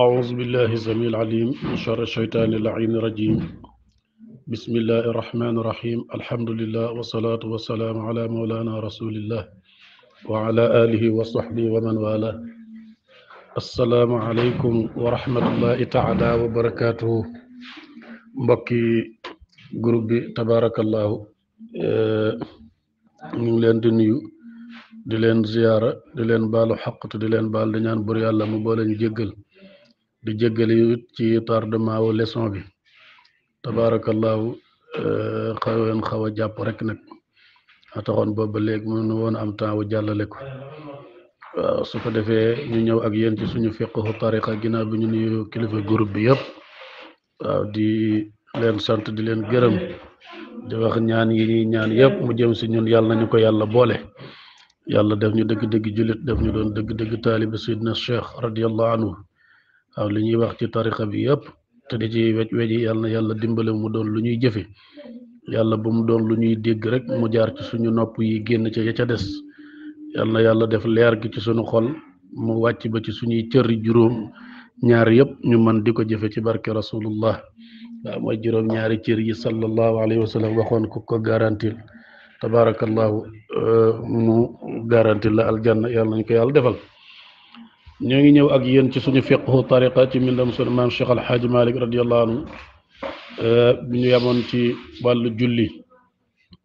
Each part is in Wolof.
أعوذ بالله السميع العليم من شر الشيطان اللعين الرجيم بسم الله الرحمن الرحيم الحمد لله والصلاة والسلام على مولانا رسول الله وعلى آله وصحبه ومن والاه السلام عليكم ورحمة الله تعالى وبركاته مبكي جروب تبارك الله من آه، ngi leen di زيارة di بالو ziyaara di leen baalu xaq te di di jéggale ci tardement wu leçon bi tabaarakallaahu euh, xawen xaw a jàpp rek nag a taxoon booba léegi mënu woon am temps wu jàllale ko waaw su ko defee ñu ñëw ak yéen ci suñu fiqhu tariqa ginnaaw bi ñu nuyu kilifa groupe bi yëpp waaw di leen sant di leen gërëm di wax ñaan yi ñuy ñaan yëpp mu jëm si ñun yàlla nañu ko yàlla boole yàlla def ñu dëgg-dëgg jullit def ñu doon dëgg-dëgg taalibi sayidna cheikh radiallahu anhu waaw li ñuy wax ci tarixa bi yëpp te di ci wej weji yàlla na yàlla dimbale mu doon lu ñuy jëfe yàlla bu mu doon lu ñuy dégg rek mu jaar ci suñu nopp yi génn ca ya ca des yàlla na yàlla def leer gi ci suñu xol mu wàcc ba ci suñuy cëri juróom ñaar yëpp ñu man di ko jëfe ci barke rasulullah waaw mooy juróom ñaari cër yi sallallahu alayhi wa sallam waxoon ko ko garantil tabarakallahu euh, mu garantil la aljanna yàlla nañ ko yàlla defal نيغي نيو اك يين سي سوني فقه طريقه من المسلمان الشيخ الحاج مالك رضي الله عنه ا آه، بني يامون سي والو جولي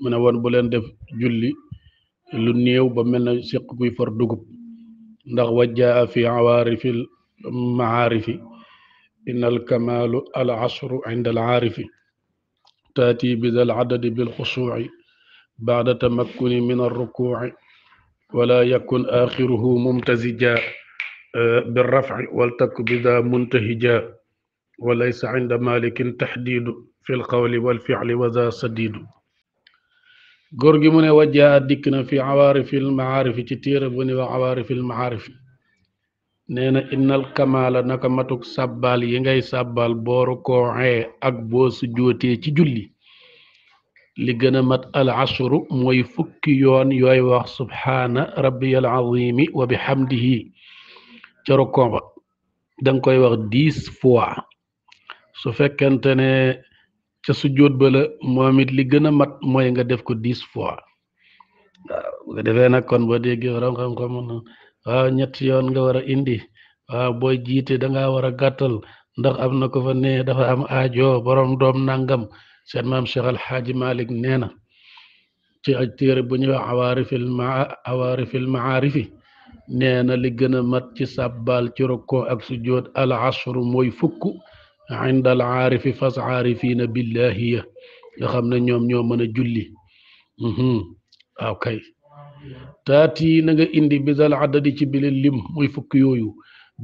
من وون بولين ديف جولي لو نيو با ملنا سيخ كوي فور دوغوب ندخ وجاء في عوارف المعارف ان الكمال العصر عند العارف تاتي بذا العدد بالخشوع بعد تمكن من الركوع ولا يكن اخره ممتزجا بالرفع والتك بذا منتهجا وليس عند مالك تحديد في القول والفعل وذا سديد góor gi mu ne wajja dikk na fi awaarifil maarifi ci téere bu ni wax awaarifil maarifi nee na innal kamaala naka matuk sàbbaal yi ngay sàbbaal booru koo xee ak boo su jootee ci julli li gën a mat al ashru mooy fukki yoon yooy wax subhaana rabbiyal azimi wa bihamdihi ca rokkon ba koy wax diis fois su fekkente ne ca sujjóot ba moom it li gën a mat mooy nga def ko diis fois waaw bu nag kon boo déggee waram xam-xam waaw ñetti yoon nga war a indi waaw booy jiite da ngaa war a gàttal ndax am na ko fa ne dafa am ajo borom doom nangam seen maam Cheikh Al Hadji Malick nee na ci aj téere bu ñuy wax awaarifil ma awaarifil maarifi nee na li gëna mat ci sàbbaal ci rukkoo ak sujjoot al asru mooy fukk inda al aarifi fas aarifiina billahi ya nga xam ne ñoom ñoo mën a julli mhm. waaw kay taati na nga indi bisal adadi ci bile lim muy fukk yooyu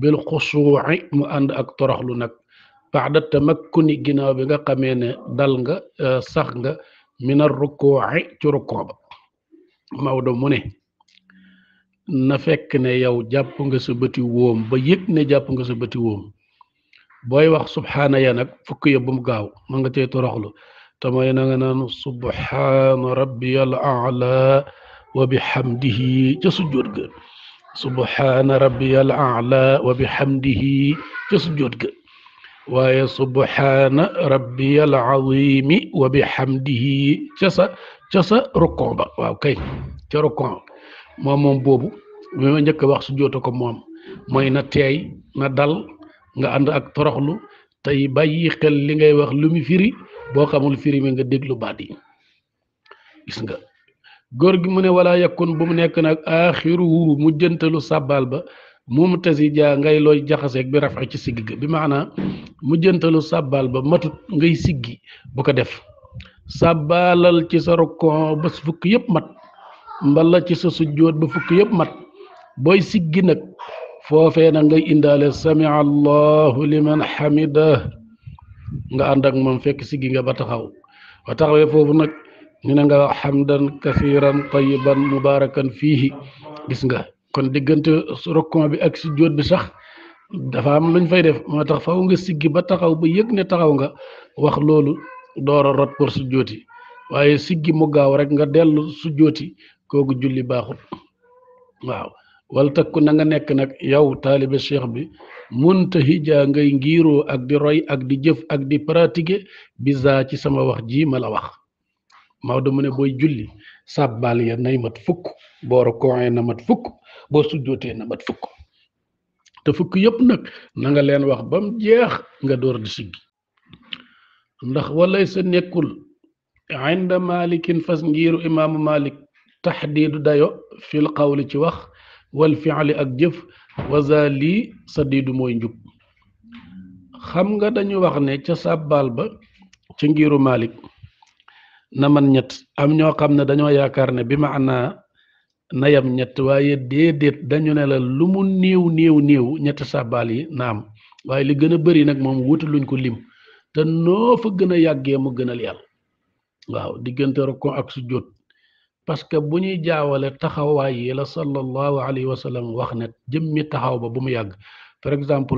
bil xusuuci mu ànd ak toroxlu nag baxda tamakkuni ginnaaw bi nga xamee ne dal nga eh, sax nga mina rukkoo ci rukkoo ba Maodo mu ne na fekk ne yow jàpp nga sa bëti wóom ba yëg ne jàpp nga sa bëti wóom booy wax subxaana ya nag fukk ya bum mu gaaw ma nga cee toroxlu te mooy na nga naan subxaana rabbiyal ala wa bihamdihi ca sujjóot ga subxaana rabbiyal ala wa bihamdihi ca sujjóot ga waaye subxaana rabbiyal azimi wa bihamdihi ca sa ca sa rukkoo ba waaw kay ca rukkoo moom moom boobu bi ma njëkk wax su joota ko moom mooy na teey na dal nga ànd ak toroxlu tey bàyyi xel li ngay wax lu mi firi boo xamul firi mi nga déglu baat yi gis nga góor gi mu ne wala yakun bu mu nekk nag axiruhu mujjantalu sàbbaal ba moom tasi jaa ngay looy jaxaseeg bi rafa ci sigg bi maanaa mujjantalu sàbbaal ba matut ngay siggi bu ko def sàbbaalal ci sa bas bés fukk mat mbala ci sa sujjóot ba fukk yëpp mat booy siggi nag foofee na ngay indaale sami allahu liman xamida nga ànd ak moom fekk siggi nga ba taxaw ba taxawee foofu nag ñu ne nga wax xamdan kasiran tayiban mubarakan fiihi gis nga kon diggante rokkon bi ak sujjóot bi sax dafa am luñ fay def moo tax faw nga siggi ba taxaw ba yëg ne taxaw nga wax loolu doora a rot pour sujjóoti waaye siggi mu gaaw rek nga dellu sujjóoti kooku julli baxul waaw wal takku na nga nekk nag yow taalibe cheikh bi muntahija ngay ngiiroo ak di roy ak di jëf ak di pratiquer biza ci sama wax ji ma la wax maw mu ne boy julli sabbal ya nay mat fukk boo rokooee ya na mat fukk bo sujjootee na mat fukk te fukk yep nak na nga len wax bam jeex nga door di sigi ndax walay sa nekul inda malikin fas ngiiru imam malik taxdiidu dayo fil qawli ci wax wal fi'li ak jëf waza lii sadiidu mooy njub xam nga dañu wax ne ca sàbbaal ba ci ngiru Malik na man ñett am ñoo xam ne dañoo yaakaar ne bi maanaa na yam ñett waaye déedéet dañu ne la lu mu néew néew néew ñetti sàbbaal yi naam waaye li gën a bari nag moom luñ ko lim te noo fa gën a yàggee mu gënal yàlla waaw diggante rokko ak sujjóot parce que bu ñuy jaawale taxawaay yi la sallallahu alayhi wa sallam wax ne jëmmi taxaw ba bu mu yàgg par exemple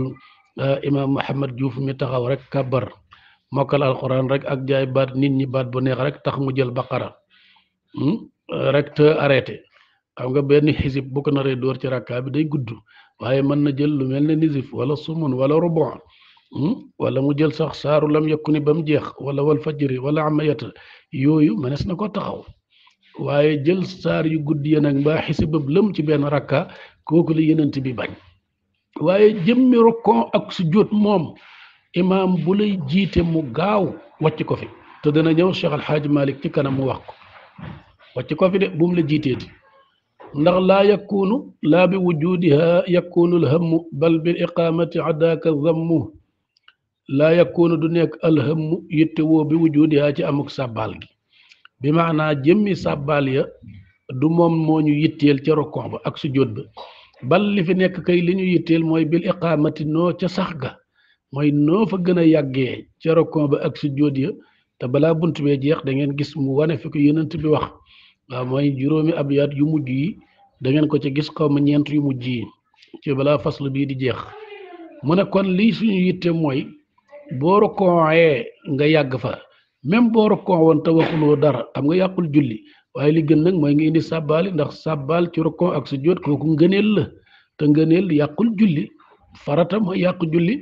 imam Mohamed Diouf mi taxaw rek kabar mokal alquran rek ak jaay baat nit ñi baat bu neex rek tax mu jël baqara hmm? rek te arrêté xam nga benn xisib bu ko naree dóor ci rakka bi day gudd waaye mën na jël lu mel ne nisif wala sumun wala rubon wala mu jël sax saaru lam yakuni bam jeex wala wal fajri wala amayata yooyu manes na ko taxaw waaye jël saar yu gudd ya nag mbaa xisi bëb lëm ci benn rakka kooku la yenent bi bañ waaye jëmmi rokkon ak sujjóot moom imaam bu lay jiite mu gaaw wàcc ko fi te dana ñëw Cheikh Al Hadj ci kanam mu wax ko wàcc ko fi de bu mu la jiiteeti ndax laa yakunu laa bi wujudiha yakunu alhammu bal bi iqaamati adaka zammu laa yakunu du nekk alhammu yittewoo bi wujudiha ci amuk sàbbaal gi bi maanaa jëmmi sàbbaal ya du moom moo ñu yitteel ca rokkon ba ak sujjóot ba bal li fi nekk kay li ñu yitteel mooy bil iqaamati noo ca sax ga mooy noo fa gën a yàggee ca rokkon ba ak sujjóot ya te balaa bunt bee jeex da ngeen gis mu wane fi ko yonent bi wax waaw mooy juróomi abyaat yu mujj yi da ngeen ko ca gis xaw ma ñeent yu mujj yi ci balaa faslu bii di jeex mu ne kon lii suñu yitte mooy boo rokkoowee nga yàgg fa même boo rokkoo woon te waxuloo dara xam nga yakul julli waye li gën nak moy nga indi sabbal ndax sabbal ci rokkoo ak su jóot kooku la te ngeenel yakul julli farata mooy yak julli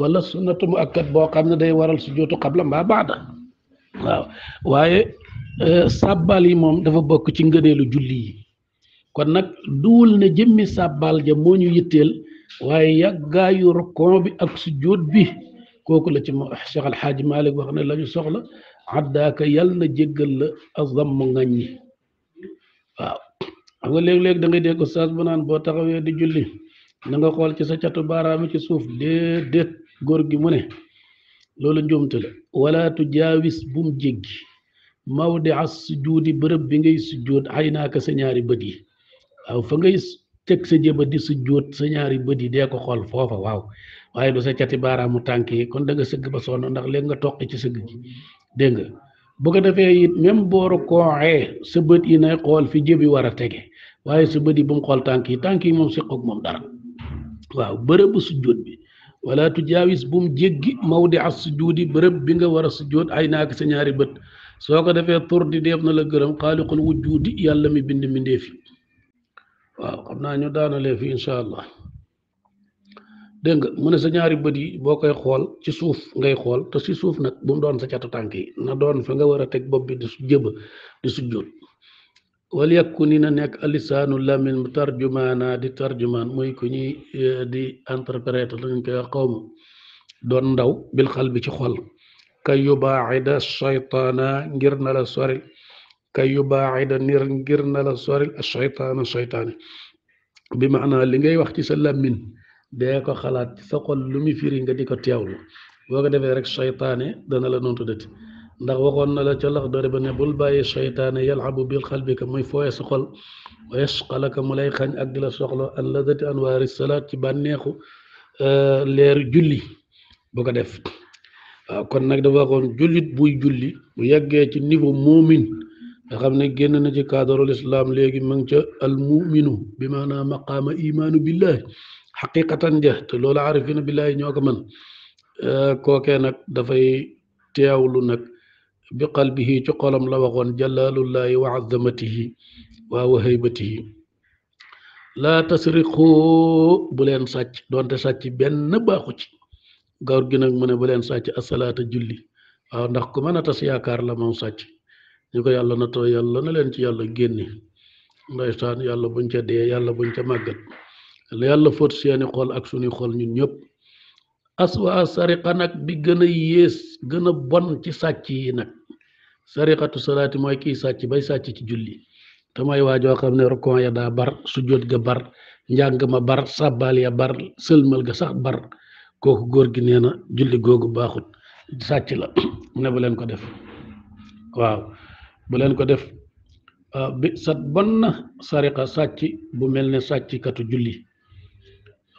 wala sunnatu mu akkat boo xam day waral su jootu xabla mbaa baada waaw waye euh, sabbal yi mom dafa bok ci ngeenelu julli kon jëmmi ja yu bi ak su bi koku la ci Cheikh Alxaaji Malik wax ne soxla addaaka yal na jéggal la azam ngaññi waaw xam nga léeg-léeg da ngay dégg saas bu naan boo taxawee di julli na xool ci sa catu baaraami ci suuf déedéet góor gi mu ne loolu njuumte la wala bu jaawis bum jéggi mawdi as sujuudi bërëb bi ngay sujuud ay naaka sa ñaari bët yi waaw fa ngay teg sa jëba di sujuut sa ñaari bët yi dee ko xool foofa waaw waaye du sa cati baaraamu tànk yi kon da sëgg ba sonn ndax léegi nga toqi ci sëgg ji dégg nga bu ko defee it même booru kooxee sa bët yi nay xool fi jëbi war a tege waaye sa bët yi bu xool tànk yi tànk yi moom siqoog moom dara waaw bërëbu sujjóot bi wala tujaawis bu mu jéggi mawdi as sujjóodi bërëb bi nga war a sujjóot ay naak sa ñaari bët soo ko defee tur di def na la gërëm xaaliqul wujjuudi yàlla mi bind mbindeef yi waaw xam naa ñu daanalee fi deng nga mu ne sa ñaari bët yi boo koy xool ci suuf ngay xool te si suuf nag bu mu doon sa catu tànk yi na doon fa nga war a teg bopp bi di su jëba di su jóot wal ni na lamin mu di tarjumaan muy ku ñuy e, di interprète lañ koy xawma doon ndaw bil xal bi ci xol kay yubaacida shaytaana ngir na la sori kay yubaacida nir ngir na la sori shaytaana shaytaani bi maanaa li ngay wax ci sa lamin dee ko xalaat sa xol lu muy firi nga di ko teewlu boo ko defee rek seytaane dana la noonu tuddati ndax waxoon na la ca lax dore ba ne bul bàyyi seytaane yalxabu bil xalbi ka muy fooye sa xol wa yasqalaka mu lay xañ ak di la soxla an lazati anwaari salaat ci bànneexu leeru julli bu ko def waaw kon nag dafa waxoon jullit buy julli bu yeggee ci niveau muumin nga xam ne génn na ci cadre l'islam léegi mu ca al muminu bi maanaam maqaama imaanu billahi xaqiqatan ja te loolu aarifina billaahi ñoo ko man eh, kookee nag dafay teewlu nag bi qalbihi ci xolam la waxoon jalaalullaahi wa azamatihi waa wa haybatihi laa tasriqu bu leen sàcc doonte sàcc benn baaxu ci gawr gi nag mu ne bu leen sàcc asalaata julli waaw ndax ku mën a tas yaakaar la moom sàcc ñu ko yàlla na too yàlla na leen ci yàlla génne ndeysaan yàlla buñ ca dee yàlla buñ ca màggat la yàlla fóot seeni xol ak suñuy xol ñun ñëpp aswa sariqa nag bi gën a yées gën a bon ci sàcc yi nag sariqatu salaati mooy kiy sàcc bay sàcc ci julli te mooy waajoo xam ne rokon ya daa bar sujjóot ga bar njàng ma bar sàbbaal ya bar sëlmal ga sax bar kooku góor gi nee na julli googu baaxut sàcc la mu ne bu leen ko def waaw bu leen ko def ah, bi sat bon na sariqa sàcc bu mel ne sàcc katu julli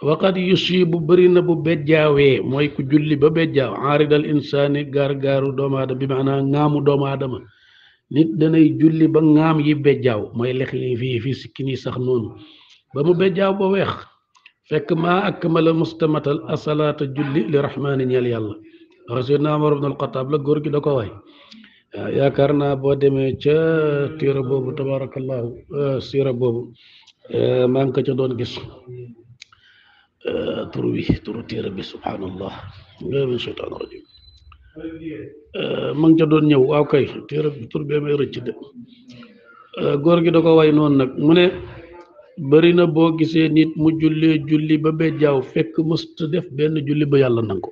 waqad yusibu bëri na bu bejjaawee mooy ku julli ba bejjaaw aaridal insaani gaar-gaaru doomu aadama bi maanaam ŋaamu doomu aadama nit danay julli ba ŋaam yi bejjaaw mooy lex yi fii sikkin yi sax noonu ba mu bejjaaw ba weex fekk maa akmala mustamatal asalaata julli li rahmaani ñeel yàlla rasul naa Umar ibn al-Xattaab la góor gi da ko way yaakaar naa boo demee ca tiira boobu tabarakallahu euh, siira boobu euh, maa ngi ko ca doon gis ترويه تروتي ربي سبحان الله من الشيطان الرجيم man ca doon ñëw waaw kay téere bi tur bee may rëcc de eh, góor gi da ko way noonu nag mu ne bari na boo gisee nit mu jullee julli ba bee jaaw fekk mësut def benn julli ba yàlla nangu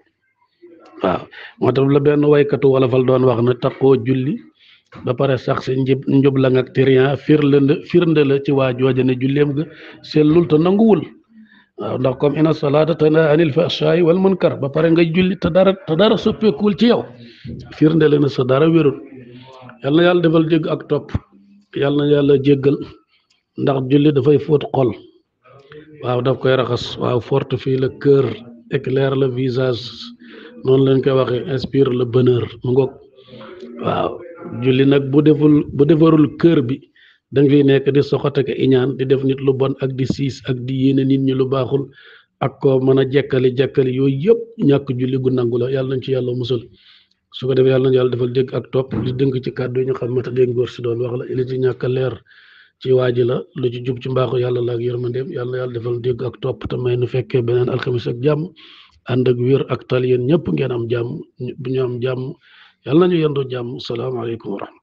waaw moo tax la benn waykatu wala fal doon wax ne taqoo julli ba pare sax si njëb njëb la ga sellul te waaw ndax comme inna salaata tanha anil fahshaa'i wal kar ba pare nga julli te dara te dara soppeekuwul ci yow firnde leen sa dara wérul yal na yàlla defal jégg ak topp yal na yàlla jéggal ndax julli dafay fóot xol waaw daf koy raxas waaw fortifie la cœur éclaire le visage noonu leen koy waxe inspire la bonheur mu waaw julli nag bu deful bu defarul cœur bi da ngay nekk di soxot ak iñaan di def nit lu bon ak di siis ak di yéene nit ñi lu baaxul ak ko mën a jekkali jekkali yooyu yëpp ñàkk julli gu nangula yàlla nañ ci yàlla musul su ko defee yàlla nañ yàlla defal dégg ak topp di ci kàddu ñu xam mata dégg si doon wax la li ci ñàkk leer ci waaji la lu ci jub ci mbaaxu yàlla la ak yërmandeem yàlla yàlla defal dégg ak topp te may nu fekkee beneen ak jàmm ànd ak wér ak tal yéen ñëpp ngeen am jàmm bu ñu am jàmm yàlla nañu jàmm salaamaaleykum wa